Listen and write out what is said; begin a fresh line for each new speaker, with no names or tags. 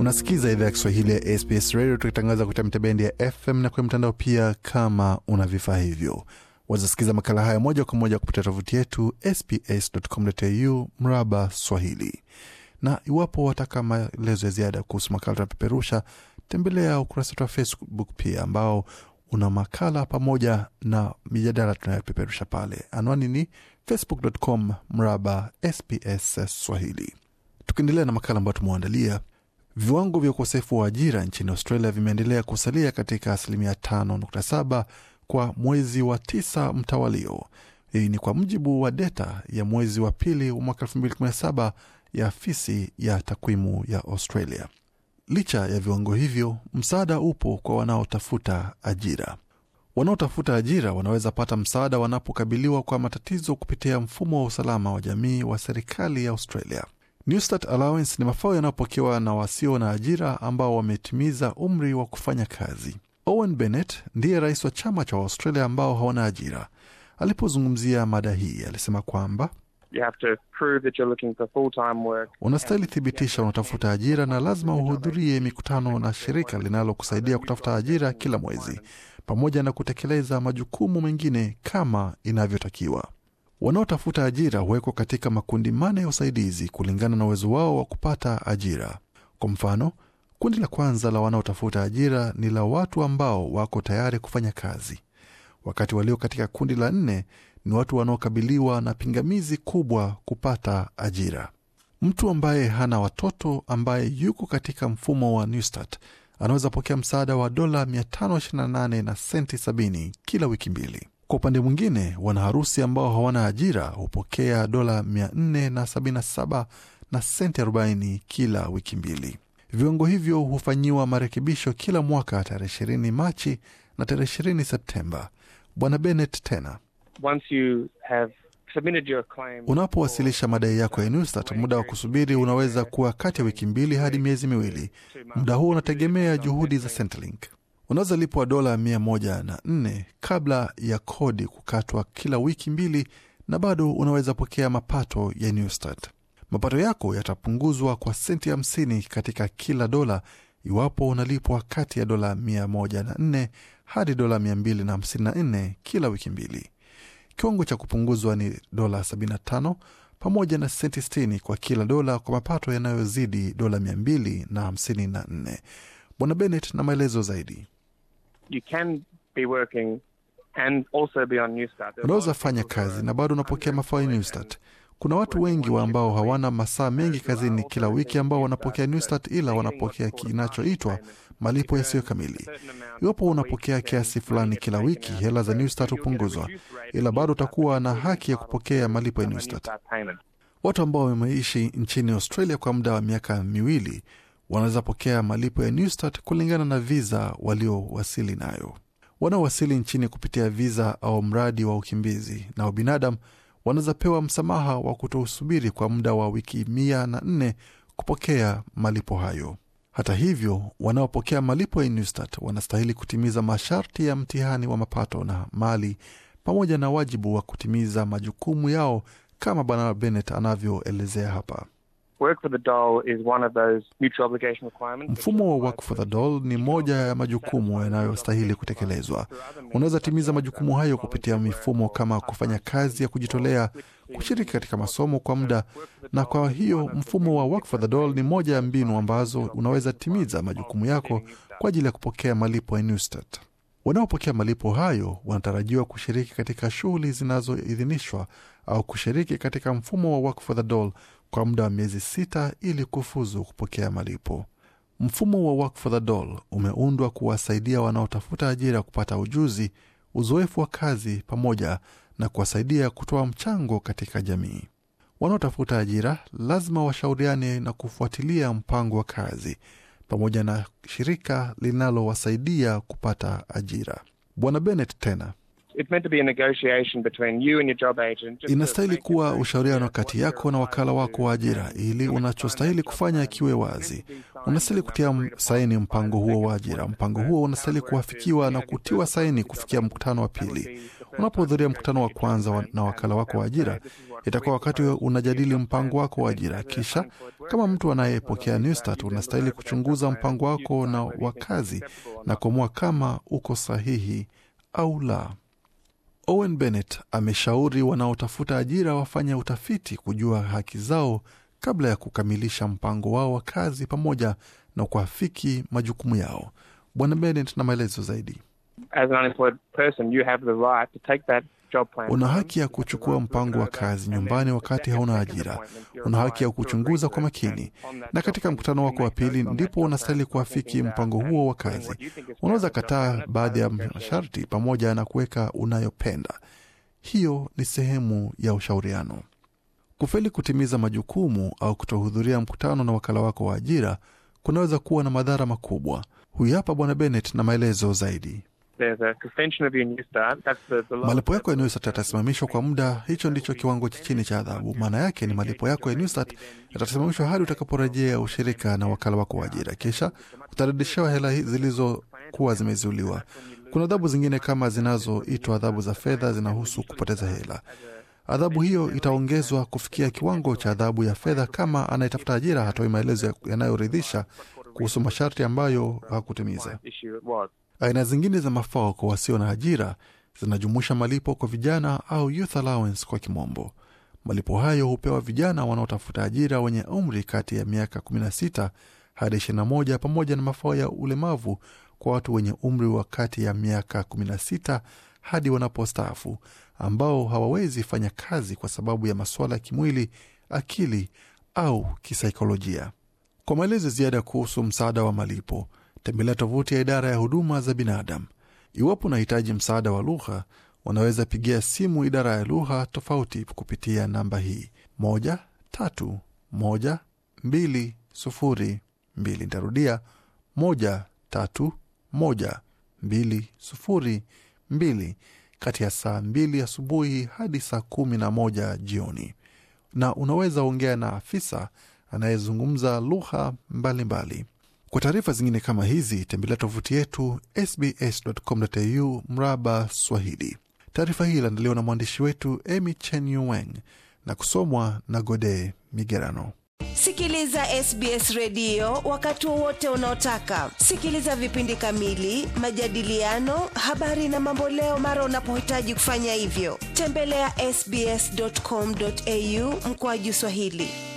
Unasikiza idhaa ya Kiswahili ya SBS Radio tukitangaza kupitia mitabendi ya FM na kwenye mtandao pia. Kama una vifaa hivyo, wazasikiza makala haya moja kwa moja kupitia tovuti yetu sbs.com.au mraba Swahili, na iwapo wataka maelezo ya ziada kuhusu makala tunapeperusha, tembelea ukurasa wetu wa Facebook pia ambao una makala pamoja na mijadala tunayopeperusha pale. Anwani ni facebook.com mraba SBS Swahili. Tukiendelea na makala ambayo tumewaandalia Viwango vya ukosefu wa ajira nchini Australia vimeendelea kusalia katika asilimia 5.7 kwa mwezi wa tisa mtawalio. Hii ni kwa mjibu wa deta ya mwezi wa pili wa mwaka 2017 ya afisi ya takwimu ya Australia. Licha ya viwango hivyo, msaada upo kwa wanaotafuta ajira. Wanaotafuta ajira wanaweza pata msaada wanapokabiliwa kwa matatizo kupitia mfumo wa usalama wa jamii wa serikali ya Australia. Newstart Allowance ni mafao yanayopokewa na wasio na ajira ambao wametimiza umri wa kufanya kazi. Owen Bennett ndiye rais wa chama cha Waustralia ambao hawana ajira. Alipozungumzia mada hii, alisema kwamba unastahili thibitisha unatafuta ajira na lazima uhudhurie mikutano na shirika linalokusaidia kutafuta ajira kila mwezi, pamoja na kutekeleza majukumu mengine kama inavyotakiwa. Wanaotafuta ajira huwekwa katika makundi mane ya usaidizi kulingana na uwezo wao wa kupata ajira. Kwa mfano, kundi la kwanza la wanaotafuta ajira ni la watu ambao wako tayari kufanya kazi, wakati walio katika kundi la nne ni watu wanaokabiliwa na pingamizi kubwa kupata ajira. Mtu ambaye hana watoto ambaye yuko katika mfumo wa Newstart anaweza pokea msaada wa dola 528 na senti 70 kila wiki mbili. Kwa upande mwingine, wanaharusi ambao hawana ajira hupokea dola 477 na senti 40 kila wiki mbili. Viwango hivyo hufanyiwa marekebisho kila mwaka tarehe 20 Machi na tarehe 20 Septemba. Bwana Bennett tena
Once you have
Unapowasilisha madai yako ya Newstat, muda wa kusubiri unaweza kuwa kati ya wiki mbili hadi miezi miwili. Muda huo unategemea juhudi za Centrelink unaweza lipwa dola mia moja na nne kabla ya kodi kukatwa kila wiki mbili na bado unaweza pokea mapato ya Newstart. Mapato yako yatapunguzwa kwa senti hamsini katika kila dola iwapo unalipwa kati ya dola nne hadi dola 254 kila wiki mbili. Kiwango cha kupunguzwa ni dola 75 pamoja na senti 60 kwa kila dola kwa mapato yanayozidi dola 254. Bwana Bennett na maelezo zaidi
you can be working and also be on Newstart. Unaweza
fanya kazi na bado unapokea mafao ya Newstart. Kuna watu wengi wa ambao hawana masaa mengi kazini kila wiki ambao wanapokea Newstart ila wanapokea kinachoitwa malipo yasiyo kamili. Iwapo unapokea kiasi fulani kila wiki, hela za Newstart hupunguzwa, ila bado utakuwa na haki ya kupokea malipo ya Newstart. Watu ambao wameishi nchini Australia kwa muda wa miaka miwili wanaweza pokea malipo ya Newstart kulingana na viza waliowasili nayo. Wanaowasili nchini kupitia viza au mradi wa ukimbizi na ubinadamu wanaweza pewa msamaha wa kutousubiri kwa muda wa wiki mia na nne kupokea malipo hayo. Hata hivyo, wanaopokea malipo ya Newstart wanastahili kutimiza masharti ya mtihani wa mapato na mali pamoja na wajibu wa kutimiza majukumu yao kama Bwana Bennett anavyoelezea hapa. Mfumo wa Work for the Dole ni moja ya majukumu yanayostahili kutekelezwa. Unaweza timiza majukumu hayo kupitia mifumo kama kufanya kazi ya kujitolea, kushiriki katika masomo kwa muda, na kwa hiyo mfumo wa Work for the Dole ni moja ya mbinu ambazo unaweza timiza majukumu yako kwa ajili ya kupokea malipo ya Newstat. Wanaopokea malipo hayo wanatarajiwa kushiriki katika shughuli zinazoidhinishwa au kushiriki katika mfumo wa Work for the Dole kwa muda wa miezi sita ili kufuzu kupokea malipo. Mfumo wa Work for the Dole umeundwa kuwasaidia wanaotafuta ajira kupata ujuzi, uzoefu wa kazi pamoja na kuwasaidia kutoa mchango katika jamii. Wanaotafuta ajira lazima washauriane na kufuatilia mpango wa kazi pamoja na shirika linalowasaidia kupata ajira. Bwana Bennett tena inastahili kuwa ushauriano kati yako na wakala wako wa ajira, ili unachostahili kufanya kiwe wazi. Unastahili kutia saini mpango huo wa ajira. Mpango huo unastahili kuafikiwa na kutiwa saini kufikia mkutano wa pili. Unapohudhuria mkutano wa kwanza na wakala wako wa ajira, itakuwa wakati unajadili mpango wako wa ajira. Kisha kama mtu anayepokea Newstart, unastahili kuchunguza mpango wako na wakazi na kuamua kama uko sahihi au la. Owen Bennett ameshauri wanaotafuta ajira wafanye utafiti kujua haki zao kabla ya kukamilisha mpango wao wa kazi pamoja na kuafiki majukumu yao. Bwana Bennett na maelezo zaidi
as an unemployed person, you have the right to take that Una
haki ya kuchukua mpango wa kazi nyumbani wakati hauna ajira. Una haki ya kuchunguza kwa makini, na katika mkutano wako wa pili ndipo unastahili kuafiki mpango huo wa kazi. Unaweza kataa baadhi ya masharti pamoja na kuweka unayopenda. Hiyo ni sehemu ya ushauriano. Kufeli kutimiza majukumu au kutohudhuria mkutano na wakala wako wa ajira kunaweza kuwa na madhara makubwa. Huyu hapa Bwana Bennett na maelezo zaidi. Malipo yako ya yatasimamishwa kwa muda. Hicho ndicho kiwango cha chini cha adhabu. Maana yake ni malipo yako ya yatasimamishwa hadi utakaporejea ushirika na wakala wako wa ajira, kisha utaridishiwa hela zilizokuwa zimezuliwa. Kuna adhabu zingine kama zinazoitwa adhabu za fedha, zinahusu kupoteza hela. Adhabu hiyo itaongezwa kufikia kiwango cha adhabu ya fedha kama anayetafuta ajira hatoi maelezo yanayoridhisha kuhusu masharti ambayo hakutimiza. Aina zingine za mafao kwa wasio na ajira zinajumuisha malipo kwa vijana au youth allowance kwa kimombo. Malipo hayo hupewa vijana wanaotafuta ajira wenye umri kati ya miaka 16 hadi 21 pamoja na mafao ya ulemavu kwa watu wenye umri wa kati ya miaka 16 hadi wanapostaafu ambao hawawezi fanya kazi kwa sababu ya masuala ya kimwili, akili au kisaikolojia. Kwa maelezo ziada kuhusu msaada wa malipo tembelea tovuti ya idara ya huduma za binadamu. Iwapo unahitaji msaada wa lugha, wanaweza pigia simu idara ya lugha tofauti kupitia namba hii moja tatu moja mbili sufuri mbili. Nitarudia moja tatu moja mbili sufuri mbili, kati ya saa mbili asubuhi hadi saa kumi na moja jioni, na unaweza ongea na afisa anayezungumza lugha mbalimbali. Kwa taarifa zingine kama hizi tembelea tovuti yetu sbs.com.au mraba Swahili. Taarifa hii iliandaliwa na mwandishi wetu Emy Chenyuweng na kusomwa na Gode Migerano. Sikiliza SBS redio wakati wowote unaotaka. Sikiliza vipindi kamili, majadiliano, habari na mamboleo mara unapohitaji kufanya hivyo. Tembelea sbs.com.au mkoaji Swahili.